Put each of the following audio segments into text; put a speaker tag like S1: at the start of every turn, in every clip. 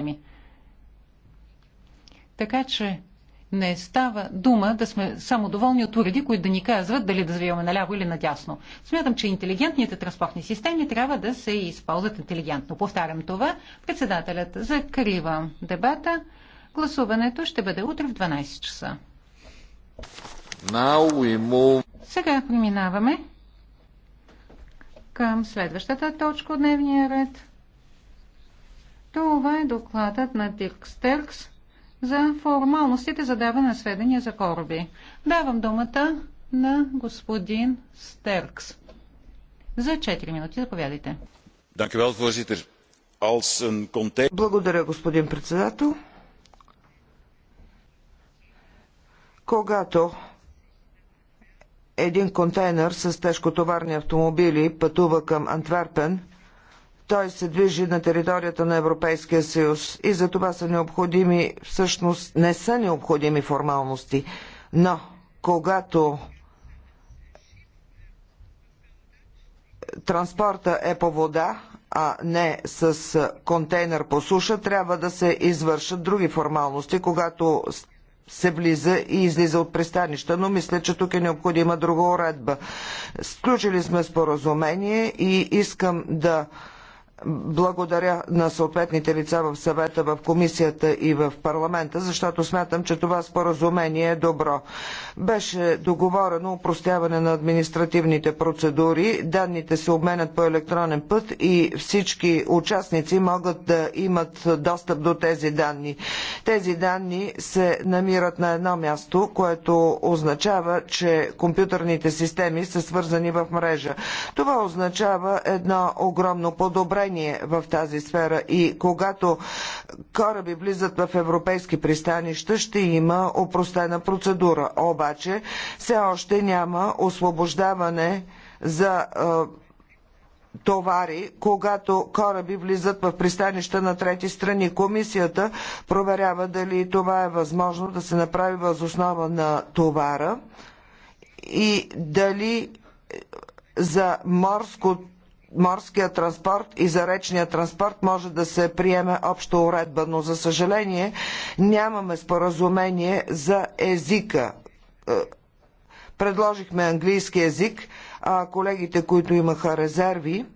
S1: колежка ми. Така че не става дума да сме само доволни от уреди, които да ни казват дали да завиваме наляво или надясно. Смятам, че интелигентните транспортни системи трябва да се използват интелигентно. Повтарям това. Председателят закрива дебата. Гласуването ще бъде утре в 12 часа. Сега преминаваме към следващата точка от дневния ред. Това е докладът на Дирк Стеркс за формалностите за даване на сведения за кораби. Давам думата на господин Стеркс. За 4 минути заповядайте.
S2: Благодаря, господин председател. Когато един контейнер с тежкотоварни автомобили пътува към Антверпен, той се движи на територията на Европейския съюз и за това са необходими, всъщност не са необходими формалности, но когато транспорта е по вода, а не с контейнер по суша, трябва да се извършат други формалности, когато се влиза и излиза от пристанища, но мисля, че тук е необходима друга уредба. Сключили сме споразумение и искам да благодаря на съответните лица в съвета, в комисията и в парламента, защото смятам, че това споразумение е добро. Беше договорено упростяване на административните процедури, данните се обменят по електронен път и всички участници могат да имат достъп до тези данни. Тези данни се намират на едно място, което означава, че компютърните системи са свързани в мрежа. Това означава едно огромно подобрение наблюдение в тази сфера и когато кораби влизат в европейски пристанища, ще има опростена процедура. Обаче все още няма освобождаване за товари, когато кораби влизат в пристанища на трети страни. Комисията проверява дали това е възможно да се направи възоснова на товара и дали за морското морския транспорт и за речния транспорт може да се приеме обща уредба, но за съжаление нямаме споразумение за езика. Е, предложихме английски език, а колегите, които имаха резерви,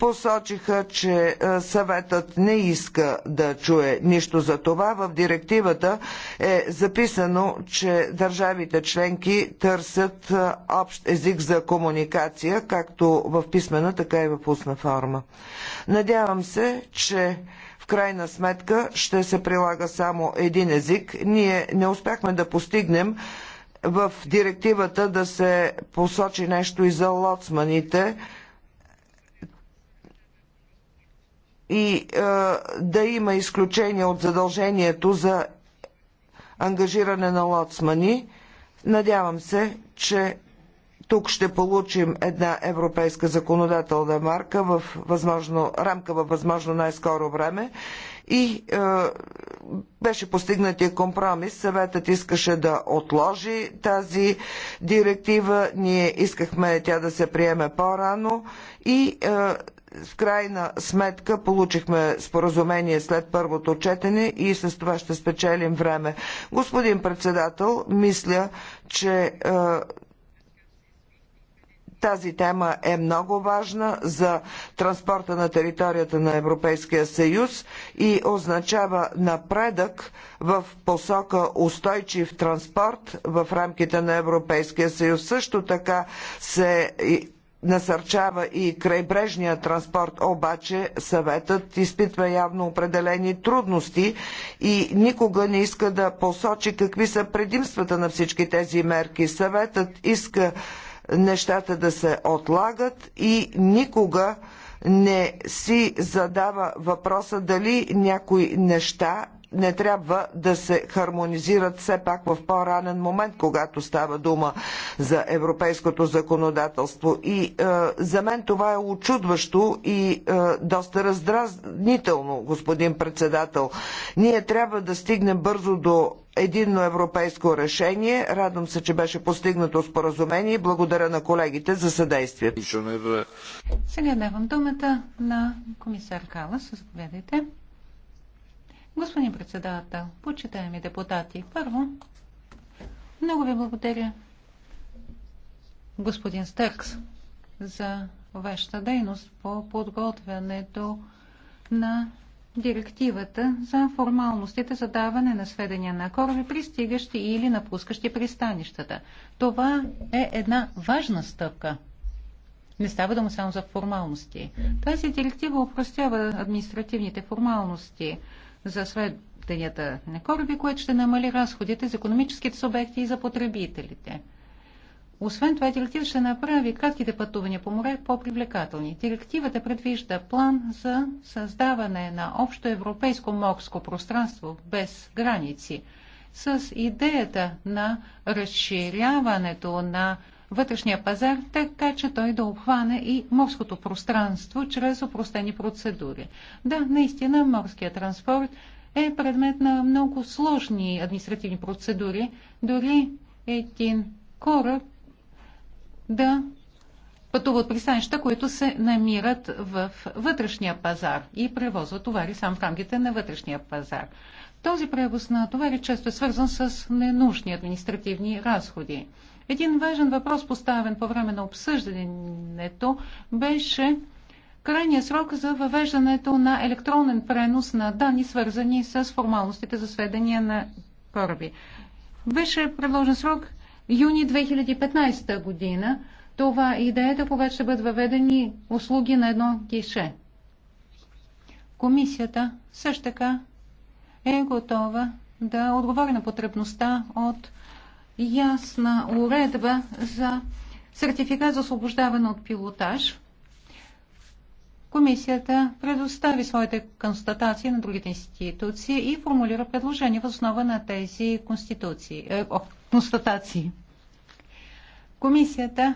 S2: посочиха, че е, съветът не иска да чуе нищо за това. В директивата е записано, че държавите членки търсят е, общ език за комуникация, както в писмена, така и в устна форма. Надявам се, че в крайна сметка ще се прилага само един език. Ние не успяхме да постигнем в директивата да се посочи нещо и за лоцманите, и е, да има изключение от задължението за ангажиране на лоцмани. Надявам се, че тук ще получим една европейска законодателна марка в възможно, рамка във възможно най-скоро време и е, беше постигнатия компромис. Съветът искаше да отложи тази директива. Ние искахме тя да се приеме по-рано и е, в крайна сметка получихме споразумение след първото четене и с това ще спечелим време. Господин председател, мисля, че е, тази тема е много важна за транспорта на територията на Европейския съюз и означава напредък в посока устойчив транспорт в рамките на Европейския съюз. Също така се насърчава и крайбрежния транспорт, обаче съветът изпитва явно определени трудности и никога не иска да посочи какви са предимствата на всички тези мерки. Съветът иска нещата да се отлагат и никога не си задава въпроса дали някои неща не трябва да се хармонизират все пак в по-ранен момент, когато става дума за европейското законодателство. И е, за мен това е очудващо и е, доста раздразнително, господин председател. Ние трябва да стигнем бързо до единно европейско решение. Радвам се, че беше постигнато споразумение. Благодаря на колегите за съдействието. Е,
S1: Сега давам думата на комисар Калас. Заповядайте. Господин председател, почитаеми депутати, първо, много ви благодаря, господин Стъркс, за вашата дейност по подготвянето на директивата за формалностите за даване на сведения на кораби, пристигащи или напускащи пристанищата. Това е една важна стъпка. Не става дума само за формалности. Тази директива упростява административните формалности, за сведенията на кораби, което ще намали разходите за економическите субекти и за потребителите. Освен това, директива ще направи кратките пътувания по море по-привлекателни. Директивата предвижда план за създаване на общо европейско морско пространство без граници с идеята на разширяването на вътрешния пазар, така че той да обхване и морското пространство чрез опростени процедури. Да, наистина морският транспорт е предмет на много сложни административни процедури. Дори един кораб да пътуват пристанища, които се намират в вътрешния пазар и превозват товари сам в рамките на вътрешния пазар. Този превоз на товари често е свързан с ненужни административни разходи. Един важен въпрос, поставен по време на обсъждането, беше крайният срок за въвеждането на електронен пренос на данни, свързани с формалностите за сведения на кораби. Беше предложен срок юни 2015 година. Това е идеята, когато ще бъдат въведени услуги на едно кише. Комисията също така е готова да отговори на потребността от ясна уредба за сертификат за освобождаване от пилотаж. Комисията предостави своите констатации на другите институции и формулира предложения в основа на тези конституции, е, о, констатации. Комисията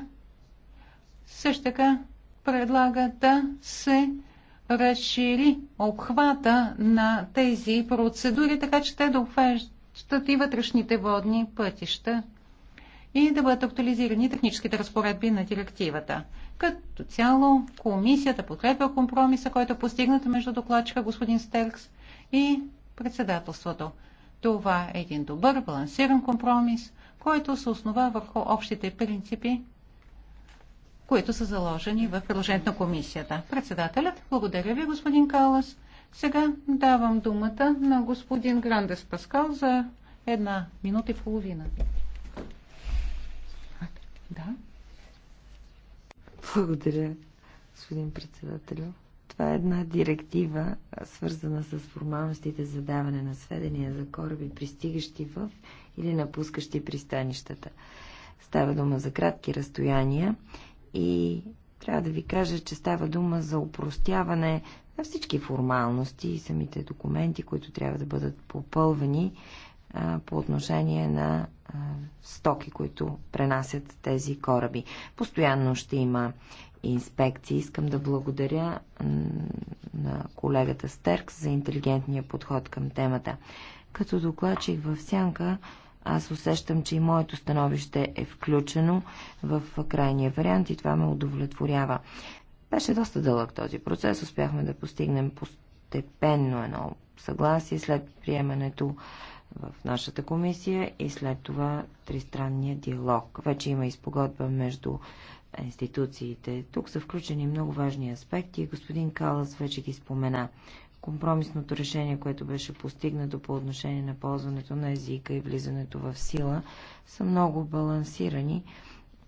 S1: също така предлага да се разшири обхвата на тези процедури, така че те да обхващат стат и вътрешните водни пътища и да бъдат актуализирани техническите разпоредби на директивата. Като цяло, комисията подкрепя компромиса, който е постигнат между докладчика господин Стеркс и председателството. Това е един добър, балансиран компромис, който се основа върху общите принципи, които са заложени в предложението на комисията. Председателят, благодаря ви, господин Калас. Сега давам думата на господин Грандес Паскал за една минута и половина. Да.
S3: Благодаря, господин председател. Това е една директива, свързана с формалностите за даване на сведения за кораби, пристигащи в или напускащи пристанищата. Става дума за кратки разстояния и трябва да ви кажа, че става дума за упростяване на всички формалности и самите документи, които трябва да бъдат попълвани а, по отношение на а, стоки, които пренасят тези кораби. Постоянно ще има инспекции. Искам да благодаря на колегата Стеркс за интелигентния подход към темата. Като докладчих в сянка, аз усещам, че и моето становище е включено в крайния вариант и това ме удовлетворява. Беше доста дълъг този процес. Успяхме да постигнем постепенно едно съгласие след приемането в нашата комисия и след това тристранния диалог. Вече има изпогодба между институциите. Тук са включени много важни аспекти и господин Калас вече ги спомена. Компромисното решение, което беше постигнато по отношение на ползването на езика и влизането в сила, са много балансирани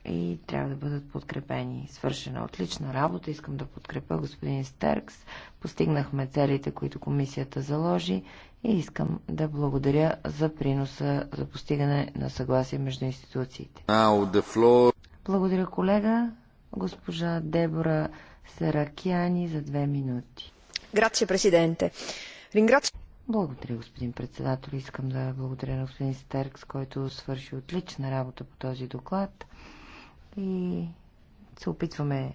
S3: и трябва да бъдат подкрепени. Свършена отлична работа. Искам да подкрепя господин Стеркс. Постигнахме целите, които комисията заложи и искам да благодаря за приноса за постигане на съгласие между институциите. Благодаря, колега. Госпожа Дебора Серакяни за две минути. Грация, президенте. Ringrazio... Благодаря, господин председател. Искам да благодаря на господин Стеркс, който свърши отлична работа по този доклад и се опитваме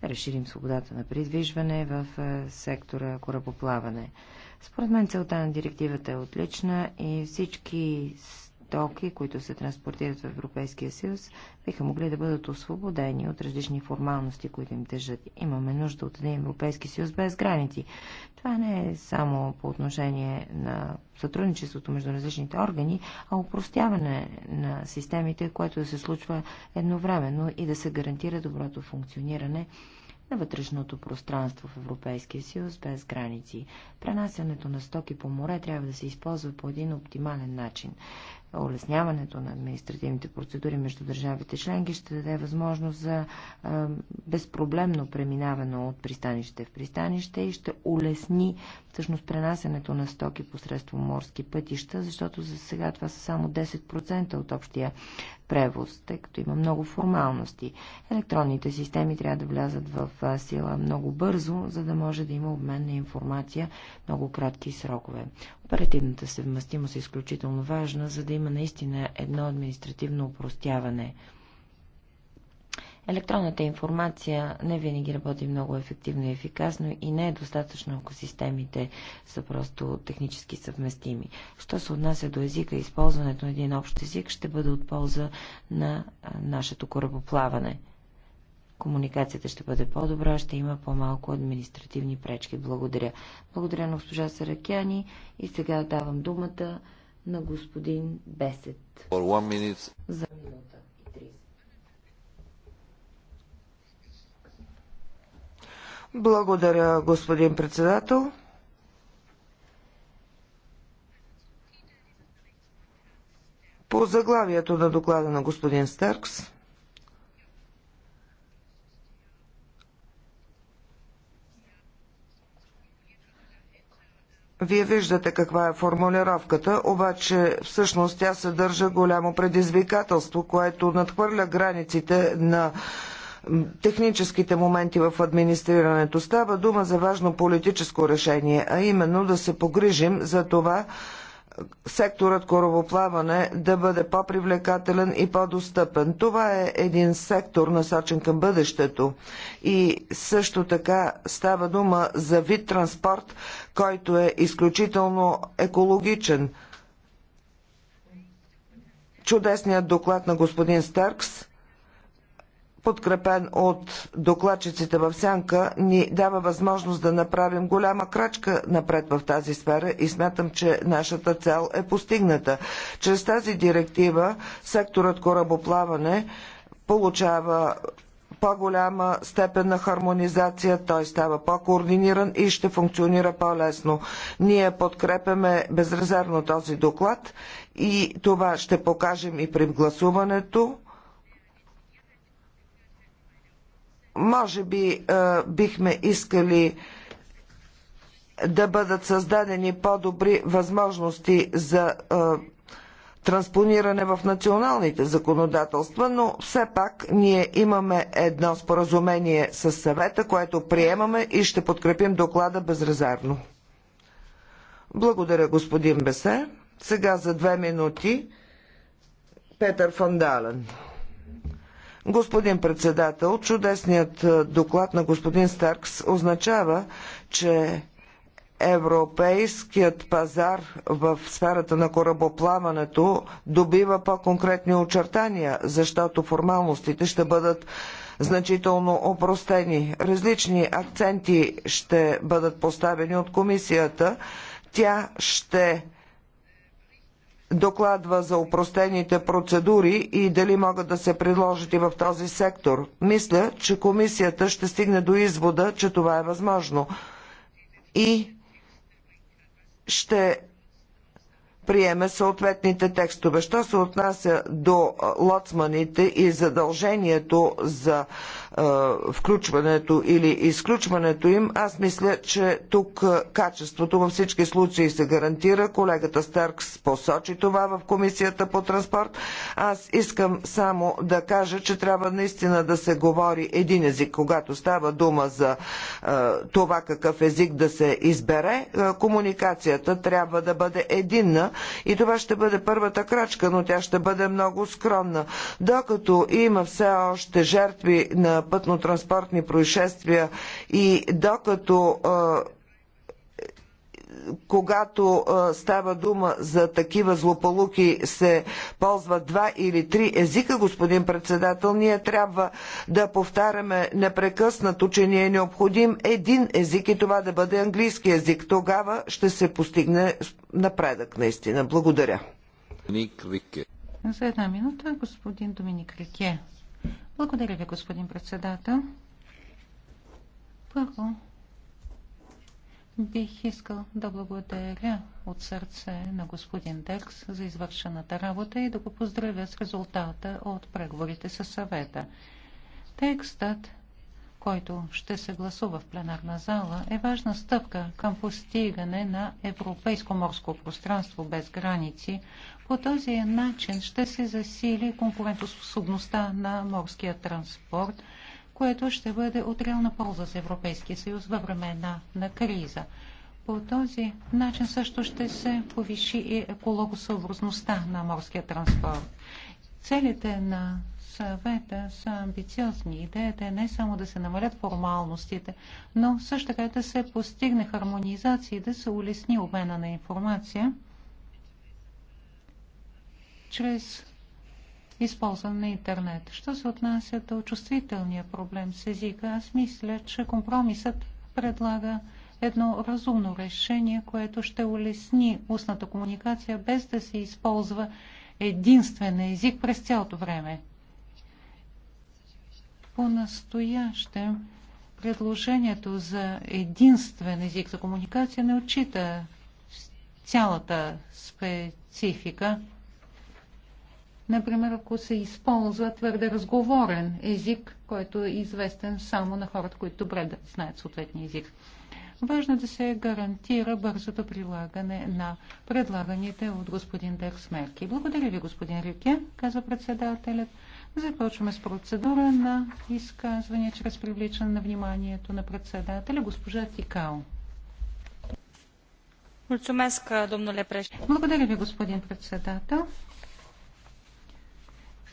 S3: да разширим свободата на придвижване в е, сектора корабоплаване. Според мен целта на директивата е отлична и всички стоки, които се транспортират в Европейския съюз, биха могли да бъдат освободени от различни формалности, които им тежат. Имаме нужда от един Европейски съюз без граници. Това не е само по отношение на сътрудничеството между различните органи, а упростяване на системите, което да се случва едновременно и да се гарантира доброто функциониране на вътрешното пространство в Европейския съюз без граници. Пренасянето на стоки по море трябва да се използва по един оптимален начин улесняването на административните процедури между държавите членки ще даде възможност за безпроблемно преминаване от пристанище в пристанище и ще улесни всъщност пренасенето на стоки посредством морски пътища, защото за сега това са само 10% от общия превоз, тъй като има много формалности. Електронните системи трябва да влязат в сила много бързо, за да може да има обмен на информация много кратки срокове. Оперативната съвместимост е изключително важна, за да има наистина едно административно упростяване. Електронната информация не винаги работи много ефективно и ефикасно и не е достатъчно, ако системите са просто технически съвместими. Що се отнася до езика, използването на един общ език ще бъде от полза на нашето корабоплаване комуникацията ще бъде по-добра, ще има по-малко административни пречки. Благодаря. Благодаря на госпожа Саракяни и сега давам думата на господин
S2: Бесет. За минута и 30. Благодаря, господин председател. По заглавието на доклада на господин Стъркс. Вие виждате каква е формулировката, обаче всъщност тя съдържа голямо предизвикателство, което надхвърля границите на техническите моменти в администрирането. Става дума за важно политическо решение, а именно да се погрижим за това секторът корабоплаване да бъде по-привлекателен и по-достъпен. Това е един сектор насочен към бъдещето и също така става дума за вид транспорт, който е изключително екологичен. Чудесният доклад на господин Старкс подкрепен от докладчиците в Сянка, ни дава възможност да направим голяма крачка напред в тази сфера и смятам, че нашата цел е постигната. Чрез тази директива секторът корабоплаване получава по-голяма степен на хармонизация, той става по-координиран и ще функционира по-лесно. Ние подкрепяме безрезервно този доклад и това ще покажем и при гласуването Може би е, бихме искали да бъдат създадени по-добри възможности за е, транспониране в националните законодателства, но все пак ние имаме едно споразумение с съвета, което приемаме и ще подкрепим доклада безрезервно. Благодаря, господин Бесе. Сега за две минути Петър Фандален. Господин председател, чудесният доклад на господин Старкс означава, че европейският пазар в сферата на корабоплаването добива по-конкретни очертания, защото формалностите ще бъдат значително опростени. Различни акценти ще бъдат поставени от комисията. Тя ще докладва за упростените процедури и дали могат да се приложат и в този сектор. Мисля, че комисията ще стигне до извода, че това е възможно и ще приеме съответните текстове. Що се отнася до лоцманите и задължението за включването или изключването им, аз мисля, че тук качеството във всички случаи се гарантира. Колегата Старкс посочи това в Комисията по транспорт. Аз искам само да кажа, че трябва наистина да се говори един език, когато става дума за това какъв език да се избере. Комуникацията трябва да бъде единна и това ще бъде първата крачка, но тя ще бъде много скромна. Докато има все още жертви на пътно-транспортни происшествия и докато когато става дума за такива злополуки, се ползват два или три езика, господин председател, ние трябва да повтаряме непрекъснато, че ни е необходим един език и това да бъде английски език. Тогава ще се постигне напредък наистина. Благодаря.
S1: За една минута господин Доминик Рике. Благодаря ви, господин председател. Първо, бих искал да благодаря от сърце на господин Декс за извършената работа и да го поздравя с резултата от преговорите със съвета. Текстът, който ще се гласува в пленарна зала, е важна стъпка към постигане на европейско морско пространство без граници, по този начин ще се засили конкурентоспособността на морския транспорт, което ще бъде от реална полза за Европейския съюз във времена на криза. По този начин също ще се повиши и екологосъобразността на морския транспорт. Целите на съвета са амбициозни. Идеята е не само да се намалят формалностите, но също така да се постигне хармонизация и да се улесни обмена на информация – чрез използване на интернет. Що се отнася до чувствителния проблем с езика, аз мисля, че компромисът предлага едно разумно решение, което ще улесни устната комуникация, без да се използва единствен език през цялото време. По-настоящем предложението за единствен език за комуникация не отчита цялата специфика Например, ако се използва твърде разговорен език, който е известен само на хората, които добре да знаят съответния език. Важно е да се гарантира бързото прилагане на предлаганите от господин Дерс мерки. Благодаря ви, господин Рюке, каза председателят. Започваме с процедура на изказване чрез привличане на вниманието на председателя, госпожа Тикао. Благодаря ви, господин председател.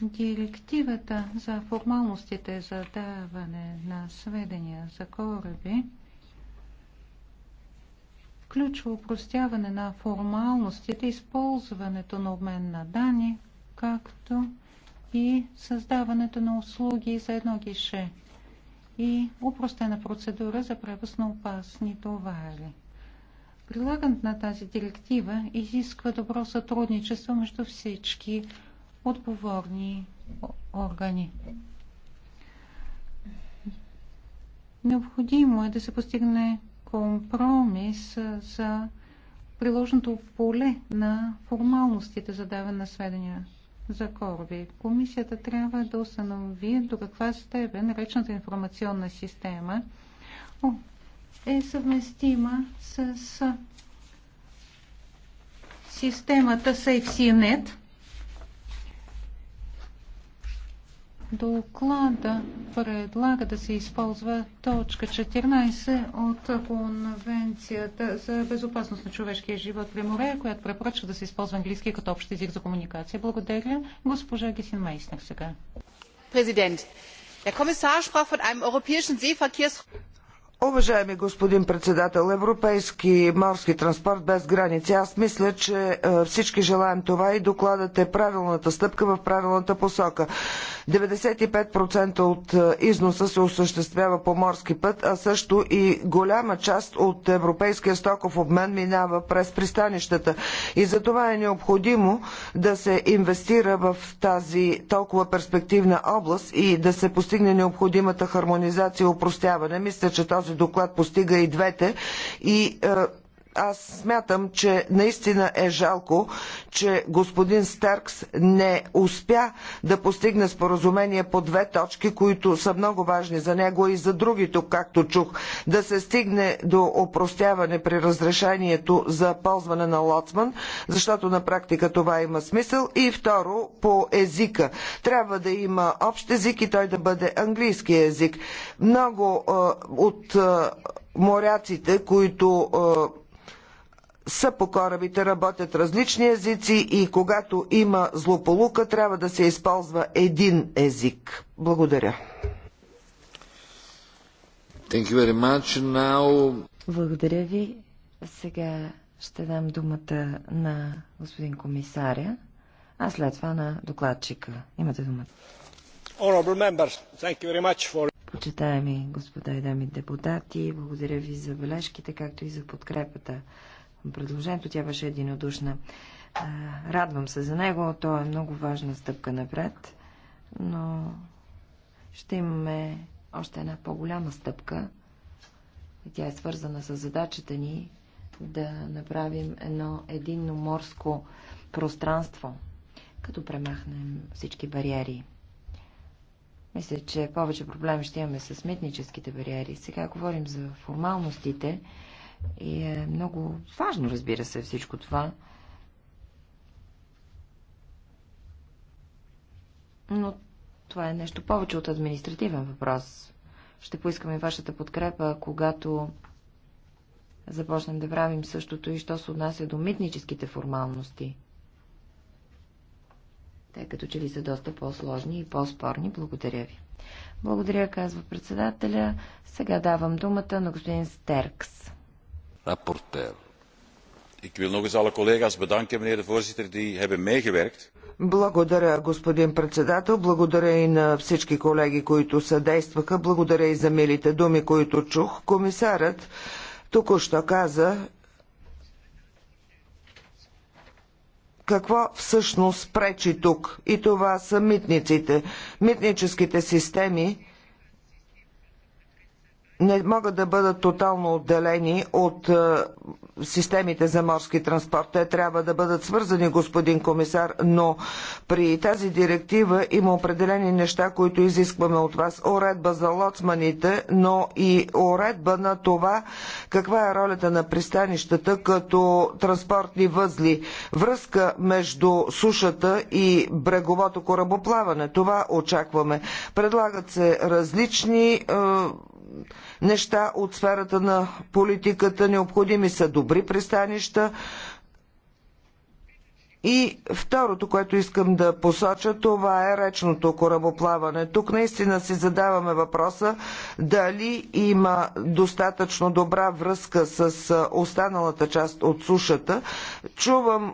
S1: Директивата за формалностите за даване на сведения за кораби включва упростяване на формалностите, използването на обмен на данни, както и създаването на услуги за едно гише и упростена процедура за превоз на опасни товари. Прилагането на тази директива изисква добро сътрудничество между всички отговорни органи. Необходимо е да се постигне компромис за приложното поле на формалностите за даване на сведения за кораби. Комисията трябва да установи до каква степен речната информационна система е съвместима с системата SafeCNet, доклада предлага да се използва точка 14 от Конвенцията за безопасност на човешкия живот при море, която препоръчва да се използва английски като общ език за комуникация. Благодаря. Госпожа Гесин Майснер сега. Президент, Der
S2: Kommissar sprach von einem europäischen Seeverkehrs... Уважаеми господин председател, европейски морски транспорт без граници. Аз мисля, че е, всички желаем това и докладът е правилната стъпка в правилната посока. 95% от е, износа се осъществява по морски път, а също и голяма част от европейския стоков обмен минава през пристанищата. И за това е необходимо да се инвестира в тази толкова перспективна област и да се постигне необходимата хармонизация и упростяване. Мисля, че този този доклад постига и двете и е, аз смятам, че наистина е жалко, че господин Старкс не успя да постигне споразумение по две точки, които са много важни за него и за други тук, както чух, да се стигне до опростяване при разрешението за ползване на лоцман, защото на практика това има смисъл. И второ, по езика. Трябва да има общ език и той да бъде английски език. Много е, от е, моряците, които е, са по корабите, работят различни езици и когато има злополука, трябва да се използва един език. Благодаря.
S3: Now...
S2: Благодаря ви.
S3: Сега ще дам думата на господин комисаря, а след това на докладчика. Имате думата.
S2: For...
S3: Почитаеми господа и дами депутати, благодаря ви за бележките, както и за подкрепата предложението. Тя беше единодушна. Радвам се за него. То е много важна стъпка напред, но ще имаме още една по-голяма стъпка. Тя е свързана с задачата ни да направим едно единно морско пространство, като премахнем всички бариери. Мисля, че повече проблеми ще имаме с митническите бариери. Сега говорим за формалностите и е много важно, разбира се, всичко това. Но това е нещо повече от административен въпрос. Ще поискаме вашата подкрепа, когато започнем да правим същото и що се отнася до митническите формалности. Те като че ли са доста по-сложни и по-спорни. Благодаря ви. Благодаря, казва председателя. Сега давам думата на господин Стеркс
S2: rapporteur. Ik wil nog eens alle collega's bedanken, meneer de voorzitter, die hebben meegewerkt. Благодаря, господин председател. Благодаря и на всички колеги, които съдействаха. Благодаря и за милите думи, които чух. Комисарът току-що каза, какво всъщност пречи тук. И това са митниците. Митническите системи не могат да бъдат тотално отделени от е, системите за морски транспорт. Те трябва да бъдат свързани, господин комисар, но при тази директива има определени неща, които изискваме от вас. Уредба за лоцманите, но и уредба на това каква е ролята на пристанищата като транспортни възли. Връзка между сушата и бреговото корабоплаване. Това очакваме. Предлагат се различни е, неща от сферата на политиката. Необходими са добри пристанища. И второто, което искам да посоча, това е речното корабоплаване. Тук наистина си задаваме въпроса дали има достатъчно добра връзка с останалата част от сушата. Чувам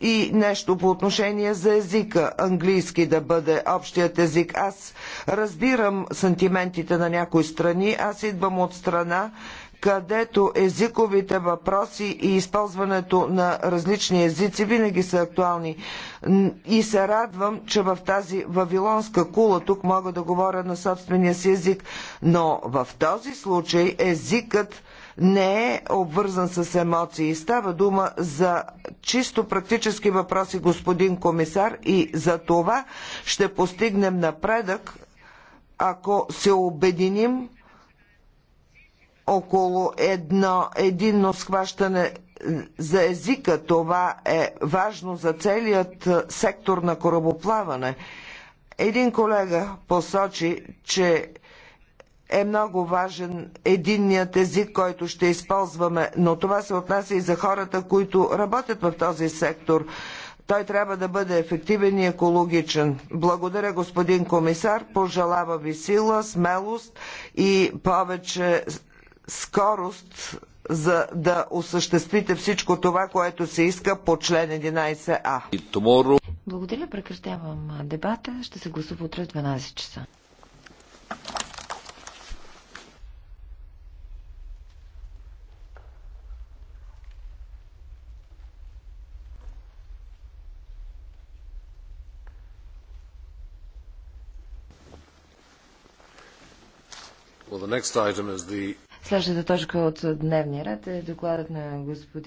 S2: и нещо по отношение за езика. Английски да бъде общият език. Аз разбирам сантиментите на някои страни. Аз идвам от страна, където езиковите въпроси и използването на различни езици винаги са актуални. И се радвам, че в тази вавилонска кула тук мога да говоря на собствения си език, но в този случай езикът не е обвързан с емоции. Става дума за чисто практически въпроси, господин комисар, и за това ще постигнем напредък, ако се обединим около едно единно схващане за езика. Това е важно за целият е, сектор на корабоплаване. Един колега посочи, че е много важен единният език, който ще използваме, но това се отнася и за хората, които работят в този сектор. Той трябва да бъде ефективен и екологичен. Благодаря, господин комисар. Пожелава ви сила, смелост и повече скорост, за да осъществите всичко това, което се иска по член 11а.
S3: Благодаря, прекратявам дебата. Ще се гласува утре в 12 часа. Следващата точка от дневния ред е докладът на господин